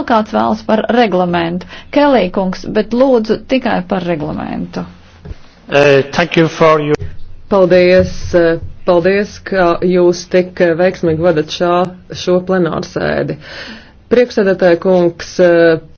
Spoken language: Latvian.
Vēl kāds vēlas par reglamentu. Kelīkungs, bet lūdzu tikai par reglamentu. Uh, you paldies, eh, paldies, ka jūs tik veiksmīgi vadat šā, šo plenārsēdi. Priekšsēdētāja kungs, eh,